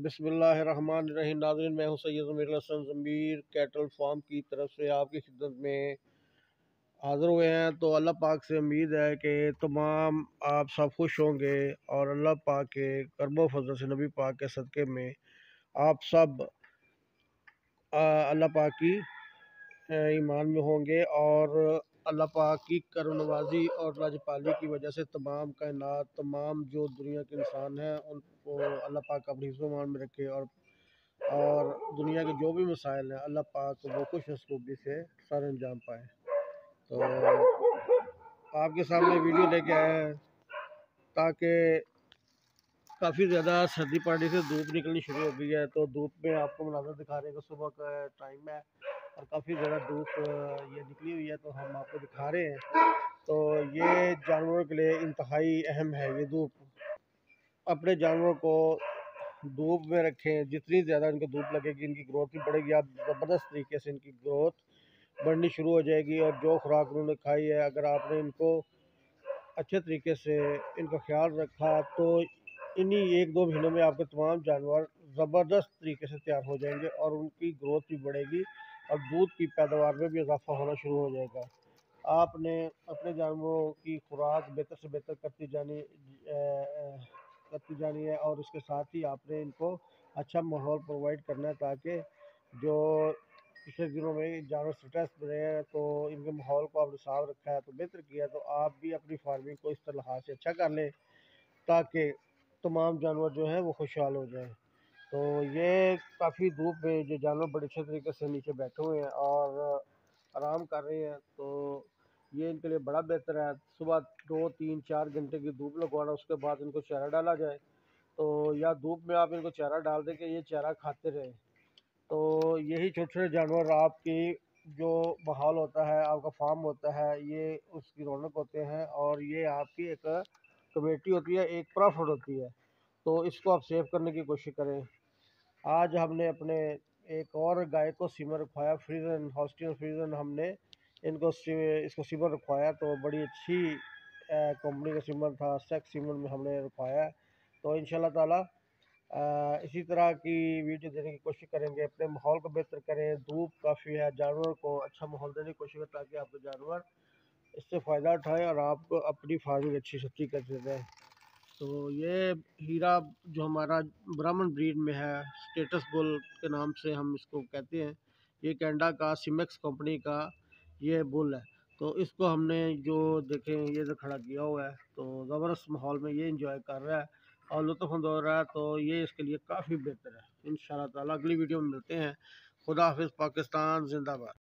बसमिल्लाम नाजरन मैं Syed Hasan Zameer cattle farm की तरफ से आपकी खिदमत में हाज़िर हुए हैं तो अल्लाह पाक से उम्मीद है कि तमाम आप सब खुश होंगे और अल्लाह पाक के करबो फजल से नबी पाक के सदक़े में आप सब अल्लाह पाक की ईमान में होंगे और अल्लाह पाक की करमनवाजी और राजपाली की वजह से तमाम कायनात तमाम जो दुनिया के इंसान हैं उनको अल्लाह पाक अपनी मान में रखे और और दुनिया के जो भी मसाइल हैं अल्लाह पाक वो कुछ हसलूबी से सर अंजाम पाए तो आपके सामने वीडियो लेके आए हैं ताकि काफ़ी ज़्यादा सर्दी पड़ने से धूप निकलनी शुरू हो गई है तो धूप में आपको मुनाजर दिखा रहे हैं कि सुबह का टाइम है और काफ़ी ज़्यादा धूप ये निकली हुई है तो हम आपको दिखा रहे हैं तो ये जानवरों के लिए इंतहाई अहम है ये धूप अपने जानवरों को धूप में रखें जितनी ज़्यादा इनको धूप लगेगी इनकी ग्रोथ भी बढ़ेगी आप ज़बरदस्त तरीके से इनकी ग्रोथ बढ़नी शुरू हो जाएगी और जो खुराक उन्होंने खाई है अगर आपने इनको अच्छे तरीके से इनका ख्याल रखा तो इन्हीं एक दो महीनों में आपके तमाम जानवर ज़बरदस्त तरीके से तैयार हो जाएंगे और उनकी ग्रोथ भी बढ़ेगी और दूध की पैदावार में भी इजाफा होना शुरू हो जाएगा आपने अपने जानवरों की खुराक बेहतर से बेहतर करती जानी करती जानी है और इसके साथ ही आपने इनको अच्छा माहौल प्रोवाइड करना है ताकि जो पिछले दिनों में जानवर स्ट्रेस में रहे हैं तो इनके माहौल को आपने साफ रखा है तो बेहतर किया तो आप भी अपनी फार्मिंग को इस तरह से अच्छा कर लें ताकि तमाम जानवर जो हैं वो खुशहाल हो जाए तो ये काफ़ी धूप में जो जानवर बड़े अच्छे तरीके से नीचे बैठे हुए हैं और आराम कर रहे हैं तो ये इनके लिए बड़ा बेहतर है सुबह दो तीन चार घंटे की धूप लगवाना उसके बाद इनको चारा डाला जाए तो या धूप में आप इनको चारा डाल दें कि ये चारा खाते रहे तो यही छोटे छोटे जानवर आपकी जो माहौल होता है आपका फार्म होता है ये उसकी रौनक होते हैं और ये आपकी एक कमेटी होती है एक प्रॉफिट होती है तो इसको आप सेव करने की कोशिश करें आज हमने अपने एक और गाय को सिमर रखवाया फ्रीजन हॉस्टियन फ्रीजन हमने इनको इसको सीमर रखवाया तो बड़ी अच्छी कंपनी का सीमर था सेक्स सिमर में हमने रखवाया तो इन ताला आ, इसी तरह की वीडियो देने की कोशिश करेंगे अपने माहौल को बेहतर करें धूप काफ़ी है जानवर को अच्छा माहौल देने की कोशिश करें ताकि आपके जानवर इससे फ़ायदा उठाएँ और आप अपनी फार्मिंग अच्छी सच्ची कर देते हैं तो ये हीरा जो हमारा ब्राह्मण ब्रीड में है स्टेटस बुल के नाम से हम इसको कहते हैं ये कैंडा का सिमेक्स कंपनी का ये बुल है तो इसको हमने जो देखें ये जो खड़ा किया हुआ है तो ज़बरदस्त माहौल में ये इंजॉय कर रहा है और लुत्फ हो रहा है तो ये इसके लिए काफ़ी बेहतर है इन शाह अगली वीडियो में मिलते हैं खुदा हाफिज़ पाकिस्तान जिंदाबाद